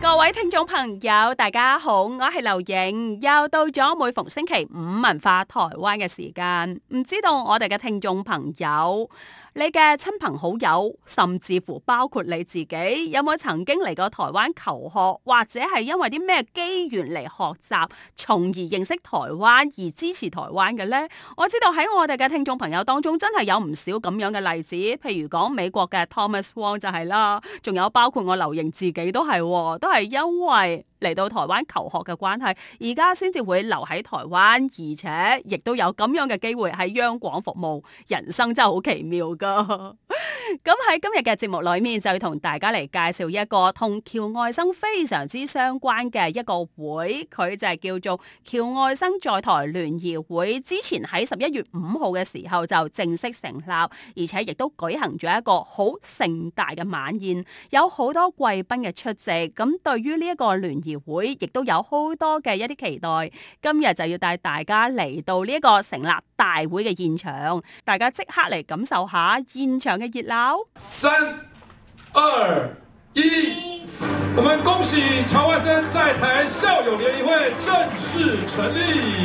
各位聽眾朋友，大家好，我係劉影，又到咗每逢星期五文化台灣嘅時間，唔知道我哋嘅聽眾朋友。你嘅親朋好友，甚至乎包括你自己，有冇曾經嚟過台灣求學，或者係因為啲咩機緣嚟學習，從而認識台灣而支持台灣嘅呢？我知道喺我哋嘅聽眾朋友當中，真係有唔少咁樣嘅例子，譬如講美國嘅 Thomas Wong 就係啦，仲有包括我劉言自己都係，哦，都係因為，嚟到台灣求學嘅關係，而家先至會留喺台灣，而且亦都有咁樣嘅機會喺央廣服務。人生真係好奇妙㗎。咁喺今日嘅節目裏面，就要同大家嚟介紹一個同僑外生非常之相關嘅一個會，佢就係叫做僑外生在台聯誼會。之前喺十一月五號嘅時候就正式成立，而且亦都舉行咗一個好盛大嘅晚宴，有好多貴賓嘅出席。咁對於呢一個聯誼會，亦都有好多嘅一啲期待。今日就要帶大家嚟到呢一個成立大會嘅現場，大家即刻嚟感受下現場嘅。三、二、一，我們恭喜僑外生在台校友聯誼會正式成立。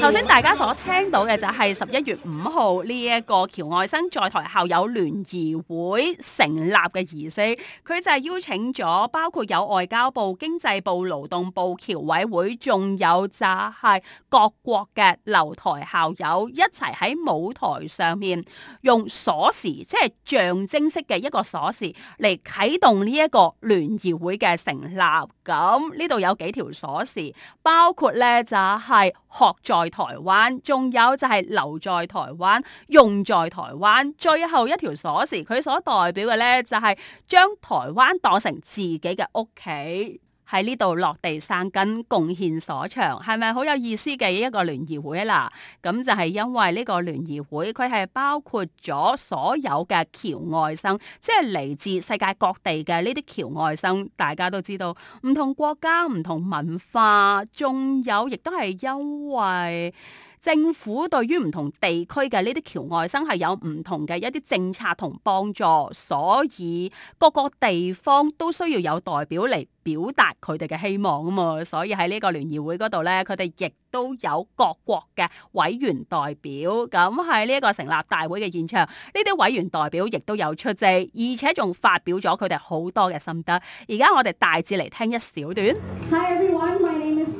頭先大家所聽到嘅就係十一月五號呢一個僑外生在台校友聯誼會成立嘅儀式，佢就係邀請咗包括有外交部、經濟部、勞動部、僑委會，仲有就係各國嘅留台校友一齊喺舞台上面用鎖匙，即係象徵式嘅一個鎖匙嚟啟動呢一個聯誼會嘅成立。咁呢度有幾條鎖匙，包括呢就係、是、學在。台灣，仲有就係留在台灣，用在台灣，最後一條鎖匙，佢所代表嘅咧，就係將台灣當成自己嘅屋企。喺呢度落地生根，貢獻所長，係咪好有意思嘅一個聯誼會啦？咁就係因為呢個聯誼會，佢係包括咗所有嘅僑外生，即係嚟自世界各地嘅呢啲僑外生。大家都知道，唔同國家、唔同文化，仲有亦都係因為，政府對於唔同地區嘅呢啲僑外生係有唔同嘅一啲政策同幫助，所以各個地方都需要有代表嚟表達佢哋嘅希望啊嘛。所以喺呢個聯誼會嗰度呢，佢哋亦都有各國嘅委員代表。咁喺呢一個成立大會嘅現場，呢啲委員代表亦都有出席，而且仲發表咗佢哋好多嘅心得。而家我哋大致嚟聽一小段。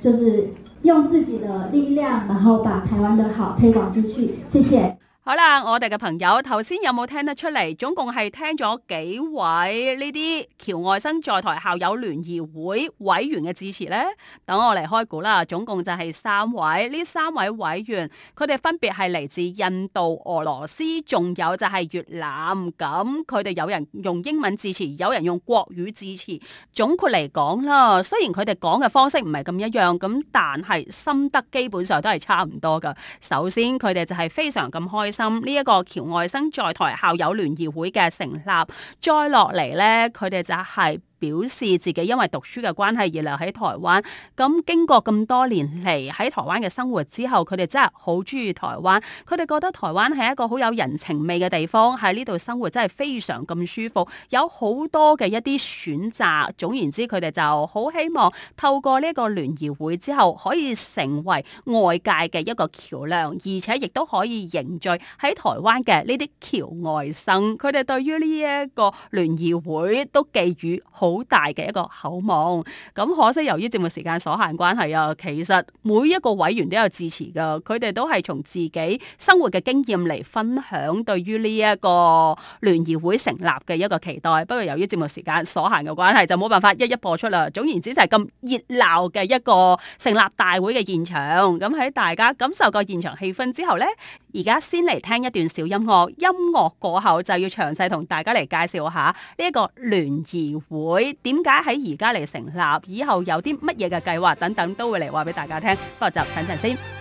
就是用自己的力量，然後把台灣的好推廣出去。謝謝。好啦，我哋嘅朋友，頭先有冇聽得出嚟？總共係聽咗幾位呢啲僑外生在台校友聯誼會委員嘅致辭咧。等我嚟開估啦，總共就係三位。呢三位委員，佢哋分別係嚟自印度、俄羅斯，仲有就係越南。咁佢哋有人用英文致辭，有人用國語致辭。總括嚟講啦，雖然佢哋講嘅方式唔係咁一樣，咁但係心得基本上都係差唔多噶。首先，佢哋就係非常咁開心。呢一個僑外生在台校友聯誼會嘅成立，再落嚟咧，佢哋就係、是。表示自己因為讀書嘅關係而留喺台灣，咁經過咁多年嚟喺台灣嘅生活之後，佢哋真係好中意台灣，佢哋覺得台灣係一個好有人情味嘅地方，喺呢度生活真係非常咁舒服，有好多嘅一啲選擇。總言之，佢哋就好希望透過呢個聯誼會之後可以成為外界嘅一個橋樑，而且亦都可以凝聚喺台灣嘅呢啲僑外生。佢哋對於呢一個聯誼會都寄予好好大嘅一個厚望，咁可惜由於節目時間所限關係啊，其實每一個委員都有致辭噶，佢哋都係從自己生活嘅經驗嚟分享對於呢一個聯誼會成立嘅一個期待。不過由於節目時間所限嘅關係，就冇辦法一一播出啦。總言之就係咁熱鬧嘅一個成立大會嘅現場。咁喺大家感受過現場氣氛之後咧，而家先嚟聽一段小音樂。音樂過後就要詳細同大家嚟介紹下呢一個聯誼會。點解喺而家嚟成立？以後有啲乜嘢嘅計劃等等，都會嚟話俾大家聽。不過就等陣先。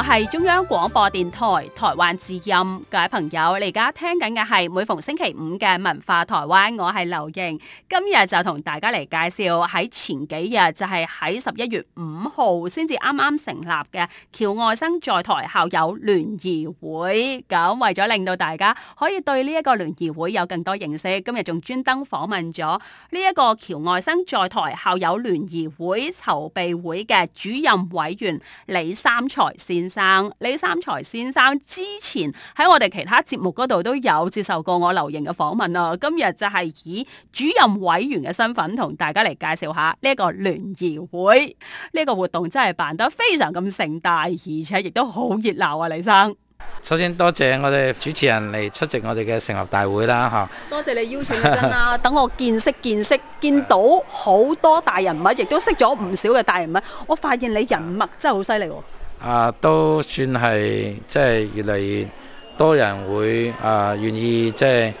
我係中央廣播電台台灣之音。各位朋友，你而家聽緊嘅係每逢星期五嘅文化台灣，我係劉瑩，今日就同大家嚟介紹喺前幾日就係喺十一月五號先至啱啱成立嘅僑外生在台校友聯誼會。咁為咗令到大家可以對呢一個聯誼會有更多認識，今日仲專登訪問咗呢一個僑外生在台校友聯誼會籌備會嘅主任委員李三財先生。生李三才先生之前喺我哋其他節目嗰度都有接受過我留言嘅訪問啊。今日就係以主任委員嘅身份同大家嚟介紹下呢一個聯誼會，呢、這個活動真係辦得非常咁盛大，而且亦都好熱鬧啊！李生，首先多謝我哋主持人嚟出席我哋嘅成立大會啦，吓，多謝你邀請真啊，等 我見識見識，見到好多大人物，亦都識咗唔少嘅大人物，我發現你人脈真係好犀利。啊，都算係即係越嚟越多人會啊願意即係、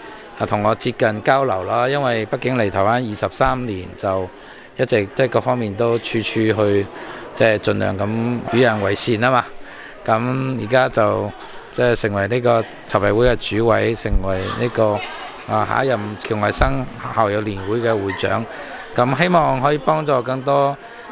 同、啊、我接近交流啦，因為畢竟嚟台灣二十三年就一直即係各方面都處處去即係盡量咁與人為善啊嘛。咁而家就即係成為呢個籌備會嘅主委，成為呢、這個啊下一任僑外生校友聯會嘅會長。咁希望可以幫助更多。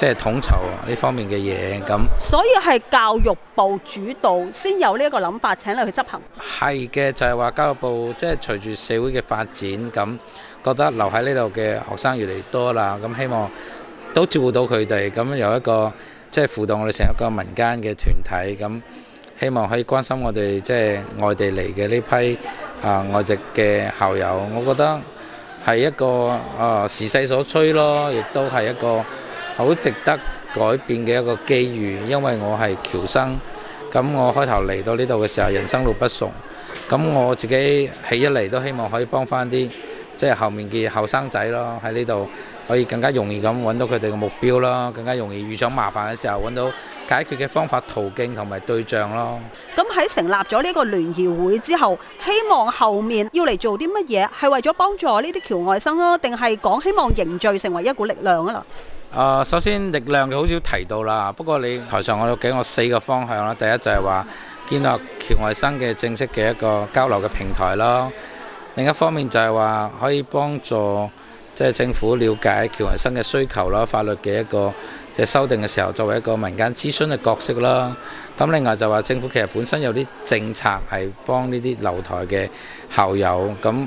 即係統籌啊，呢方面嘅嘢咁，所以係教育部主導先有呢一個諗法，請你去執行。係嘅，就係、是、話教育部即係隨住社會嘅發展咁，覺得留喺呢度嘅學生越嚟越多啦，咁希望都照顧到佢哋，咁有一個即係輔導我哋成一個民間嘅團體，咁希望可以關心我哋即係外地嚟嘅呢批啊、呃、外籍嘅校友，我覺得係一個啊時勢所趨咯，亦都係一個。呃好值得改變嘅一個機遇，因為我係僑生咁，我開頭嚟到呢度嘅時候，人生路不熟。咁我自己起一嚟都希望可以幫翻啲即係後面嘅後生仔咯，喺呢度可以更加容易咁揾到佢哋嘅目標咯，更加容易遇上麻煩嘅時候揾到解決嘅方法途徑同埋對象咯。咁喺成立咗呢個聯誼會之後，希望後面要嚟做啲乜嘢？係為咗幫助呢啲僑外生咯，定係講希望凝聚成為一股力量啊？啦！啊、呃，首先力量就好少提到啦。不過你台上我有幾我四個方向啦。第一就係話建立僑外生嘅正式嘅一個交流嘅平台啦，另一方面就係話可以幫助即係、就是、政府了解僑外生嘅需求啦。法律嘅一個即係、就是、修訂嘅時候，作為一個民間諮詢嘅角色啦。咁另外就話政府其實本身有啲政策係幫呢啲留台嘅校友咁。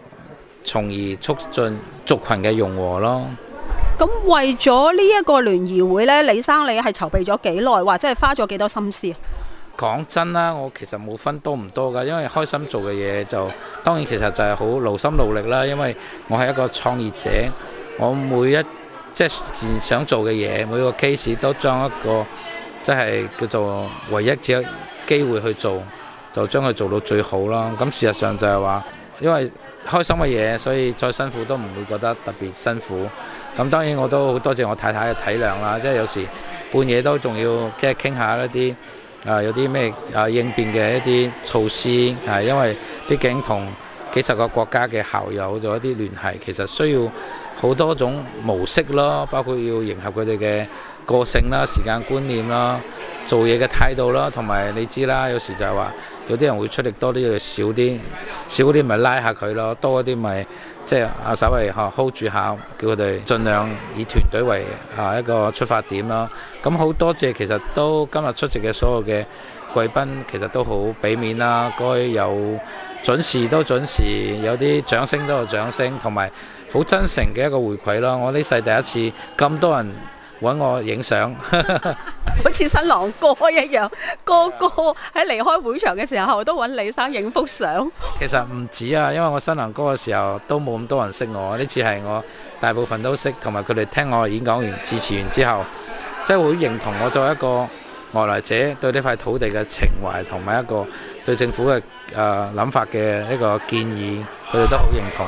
從而促進族群嘅融合咯。咁為咗呢一個聯誼會，呢李生你係籌備咗幾耐，或者係花咗幾多心思啊？講真啦，我其實冇分多唔多㗎，因為開心做嘅嘢就當然其實就係好勞心勞力啦。因為我係一個創業者，我每一即係件想做嘅嘢，每個 case 都將一個即係叫做唯一只一機會去做，就將佢做到最好啦。咁事實上就係話，因為開心嘅嘢，所以再辛苦都唔會覺得特別辛苦。咁當然我都好多謝我太太嘅體諒啦，即係有時半夜都仲要即係傾下一啲啊，有啲咩啊應變嘅一啲措施啊，因為畢竟同幾十個國家嘅校友做一啲聯繫，其實需要好多種模式咯，包括要迎合佢哋嘅個性啦、時間觀念啦、做嘢嘅態度啦，同埋你知啦，有時就係話有啲人會出力多啲，又少啲。少嗰啲咪拉下佢咯，多啲咪即係啊，稍微 hold 住下，叫佢哋盡量以團隊為啊一個出發點咯。咁好多謝其實都今日出席嘅所有嘅貴賓，其實都好俾面啦。該有準時都準時，有啲掌聲都有掌聲，同埋好真誠嘅一個回饋咯。我呢世第一次咁多人揾我影相。 好似新郎哥一樣，個個喺離開會場嘅時候都揾李生影幅相。其實唔止啊，因為我新郎哥嘅時候都冇咁多人識我，呢次係我大部分都識，同埋佢哋聽我演講完致辭完之後，即係會認同我作為一個外來者對呢塊土地嘅情懷同埋一個。對政府嘅誒諗法嘅一個建議，佢哋都好認同。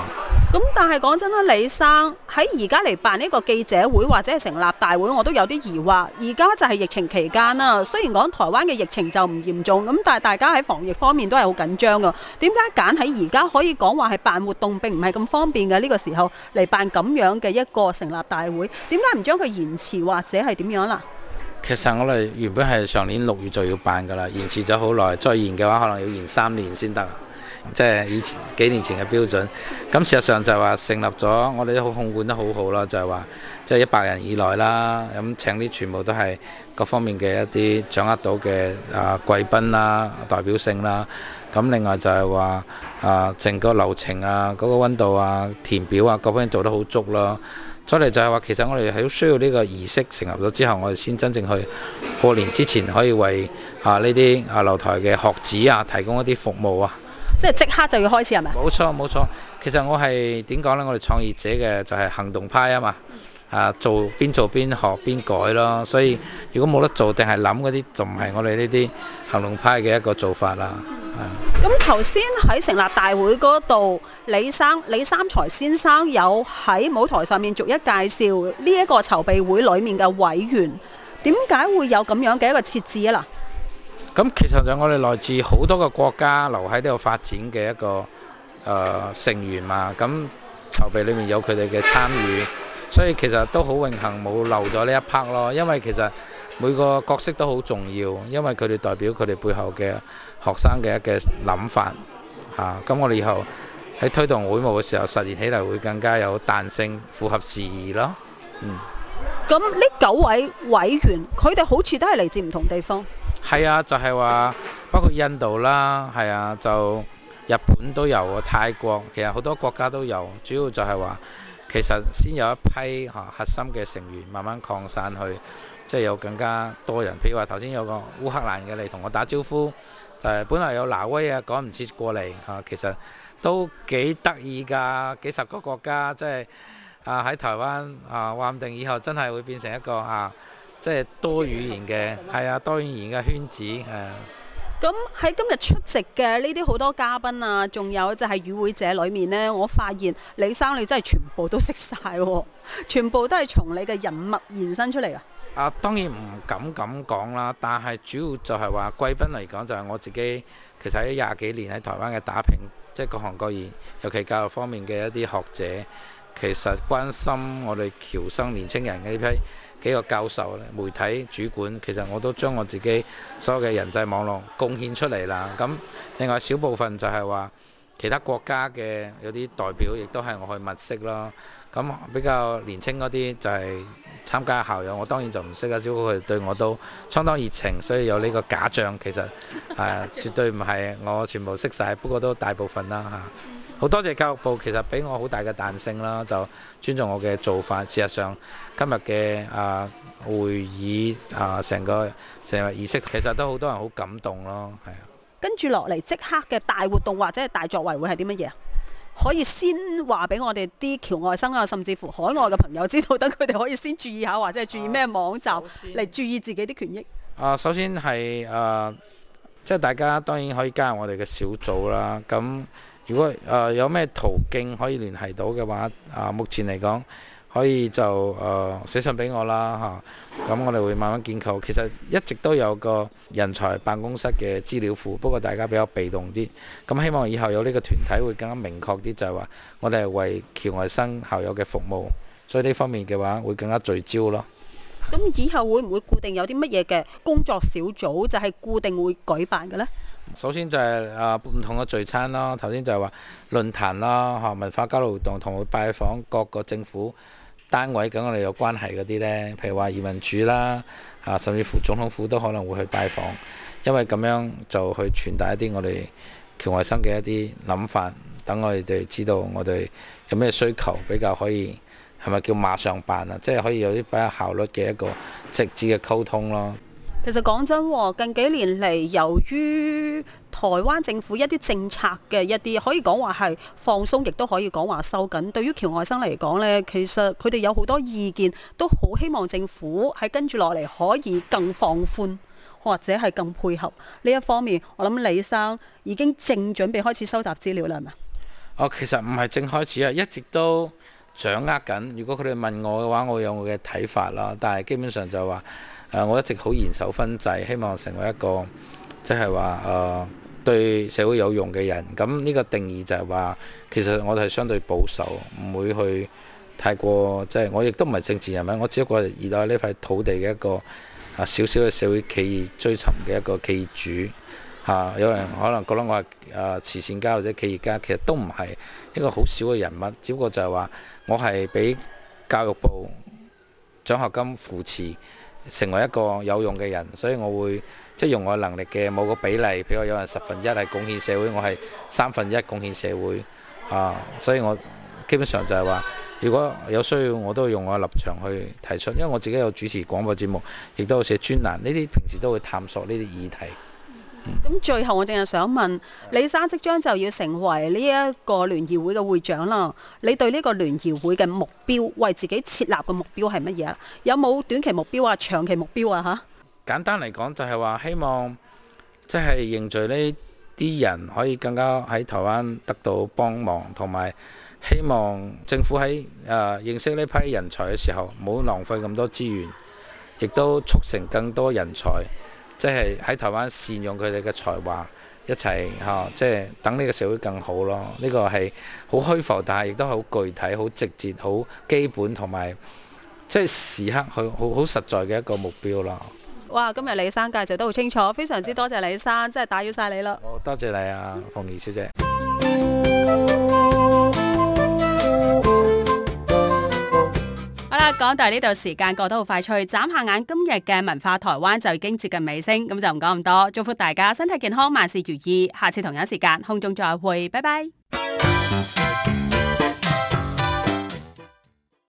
咁但係講真啦，李生喺而家嚟辦呢個記者會或者係成立大會，我都有啲疑惑。而家就係疫情期間啦，雖然講台灣嘅疫情就唔嚴重，咁但係大家喺防疫方面都係好緊張㗎。點解揀喺而家可以講話係辦活動並唔係咁方便嘅呢個時候嚟辦咁樣嘅一個成立大會？點解唔將佢延遲或者係點樣啦？其實我哋原本係上年六月就要辦噶啦，延遲咗好耐，再延嘅話可能要延三年先得，即係以前幾年前嘅標準。咁事實上就係話成立咗，我哋都好控管得好好啦，就係話即係一百人以內啦，咁請啲全部都係各方面嘅一啲掌握到嘅啊貴賓啦、代表性啦。咁另外就係話啊，整個流程啊、嗰個温度啊、填表啊各方面做得好足囉。出嚟就係話，其實我哋係好需要呢個儀式成立咗之後，我哋先真正去過年之前可以為啊呢啲啊留台嘅學子啊提供一啲服務啊。即係即刻就要開始係咪？冇錯冇錯。其實我係點講呢？我哋創業者嘅就係行動派啊嘛。啊，做邊做邊學邊改咯。所以如果冇得做定係諗嗰啲，就唔係我哋呢啲行動派嘅一個做法啦、啊。咁頭先喺成立大會嗰度，李生李三財先生有喺舞台上面逐一介紹呢一個籌備會裏面嘅委員，點解會有咁樣嘅一個設置啊？嗱，咁其實就係我哋來自好多個國家留喺呢度發展嘅一個誒成員嘛，咁籌備裏面有佢哋嘅參與，所以其實都好榮幸冇漏咗呢一拍咯。因為其實每個角色都好重要，因為佢哋代表佢哋背後嘅。學生嘅嘅諗法啊，咁我哋以後喺推動會務嘅時候，實現起嚟會更加有彈性，符合時宜咯。嗯，咁呢九位委員，佢哋好似都係嚟自唔同地方？係啊，就係話包括印度啦，係啊，就日本都有啊，泰國，其實好多國家都有，主要就係話其實先有一批、啊、核心嘅成員，慢慢擴散去，即係有更加多人。譬如話頭先有個烏克蘭嘅嚟同我打招呼。本嚟有挪威啊，趕唔切過嚟啊，其實都幾得意㗎，幾十個國家，即係啊喺台灣啊，話唔定以後真係會變成一個啊，即係多語言嘅，係啊，啊，多語言嘅圈子咁喺、嗯啊、今日出席嘅呢啲好多嘉賓啊，仲有就係與會者裏面呢，我發現李生你真係全部都識晒喎、啊，全部都係從你嘅人物延伸出嚟啊！啊，當然唔敢咁講啦，但係主要就係話貴賓嚟講，就係我自己。其實喺廿幾年喺台灣嘅打拼，即係各行各業，尤其教育方面嘅一啲學者，其實關心我哋僑生年青人嘅呢批幾個教授、媒體主管，其實我都將我自己所有嘅人際網絡貢獻出嚟啦。咁另外小部分就係話其他國家嘅有啲代表，亦都係我去物色囉。咁比較年青嗰啲就係。參加校友，我當然就唔識啦。只不過佢哋對我都相當熱情，所以有呢個假象，其實係、啊、絕對唔係。我全部識晒，不過都大部分啦嚇。好、啊、多謝教育部，其實俾我好大嘅彈性啦，就尊重我嘅做法。事實上，今日嘅啊會議啊，成個成個儀式，其實都好多人好感動咯，係啊。跟住落嚟即刻嘅大活動或者係大作為會係啲乜嘢？可以先話俾我哋啲僑外生啊，甚至乎海外嘅朋友知道，等佢哋可以先注意下，或者係注意咩網站嚟注意自己啲權益。啊、呃，首先係啊，即、呃、係、就是、大家當然可以加入我哋嘅小組啦。咁如果啊、呃、有咩途徑可以聯繫到嘅話，啊、呃、目前嚟講。可以就誒、呃、寫信俾我啦咁、啊、我哋會慢慢建構。其實一直都有個人才辦公室嘅資料庫，不過大家比較被動啲。咁、啊、希望以後有呢個團體會更加明確啲，就係話我哋係為僑外生校友嘅服務，所以呢方面嘅話會更加聚焦咯。咁以後會唔會固定有啲乜嘢嘅工作小組，就係固定會舉辦嘅呢？首先就係、是、啊唔同嘅聚餐啦，頭先就係話論壇啦、啊、文化交流活動同會拜訪各個政府單位跟我哋有關係嗰啲呢，譬如話移民署啦，啊、甚至乎總統府都可能會去拜訪，因為咁樣就去傳達一啲我哋僑外生嘅一啲諗法，等我哋知道我哋有咩需求，比較可以係咪叫馬上辦啊？即係可以有啲比較效率嘅一個直接嘅溝通咯。其實講真喎，近幾年嚟，由於台灣政府一啲政策嘅一啲，可以講話係放鬆，亦都可以講話收緊。對於僑外生嚟講呢，其實佢哋有好多意見，都好希望政府係跟住落嚟可以更放寬，或者係更配合呢一方面。我諗李生已經正準備開始收集資料啦，係咪？哦，其實唔係正開始啊，一直都掌握緊。如果佢哋問我嘅話，我有我嘅睇法啦。但係基本上就話。我一直好嚴守分際，希望成為一個即係話誒對社會有用嘅人。咁呢個定義就係話，其實我哋係相對保守，唔會去太過即係、就是。我亦都唔係政治人物，我只不過熱愛呢塊土地嘅一個啊少少嘅社會企業追尋嘅一個企業主、啊、有人可能覺得我係誒慈善家或者企業家，其實都唔係一個好少嘅人物，只不過就係話我係俾教育部獎學金扶持。成為一個有用嘅人，所以我會即係用我能力嘅某個比例，譬如有人十分一係貢獻社會，我係三分一貢獻社會啊！所以我基本上就係話，如果有需要，我都會用我立場去提出，因為我自己有主持廣播節目，亦都有寫專欄，呢啲平時都會探索呢啲議題。咁、嗯、最後我淨係想問李生，即將就要成為呢一個聯誼會嘅會長啦。你對呢個聯誼會嘅目標，為自己設立嘅目標係乜嘢啊？有冇短期目標啊？長期目標啊？吓？簡單嚟講就係話希望，即係凝聚呢啲人可以更加喺台灣得到幫忙，同埋希望政府喺誒認識呢批人才嘅時候，唔好浪費咁多資源，亦都促成更多人才。即係喺台灣善用佢哋嘅才華一起，一齊嚇，即係等呢個社會更好咯。呢、這個係好虛浮，但係亦都好具體、好直接、好基本，同埋，即係時刻去好好實在嘅一個目標咯。哇！今日李生介紹得好清楚，非常之多謝李生，真係打擾晒你啦。好，多謝你啊，鳳儀小姐。講到呢度，時間過得好快脆，眨下眼今日嘅文化台灣就已經接近尾聲，咁就唔講咁多，祝福大家身體健康，萬事如意，下次同樣時間空中再會，拜拜。啊啊啊啊啊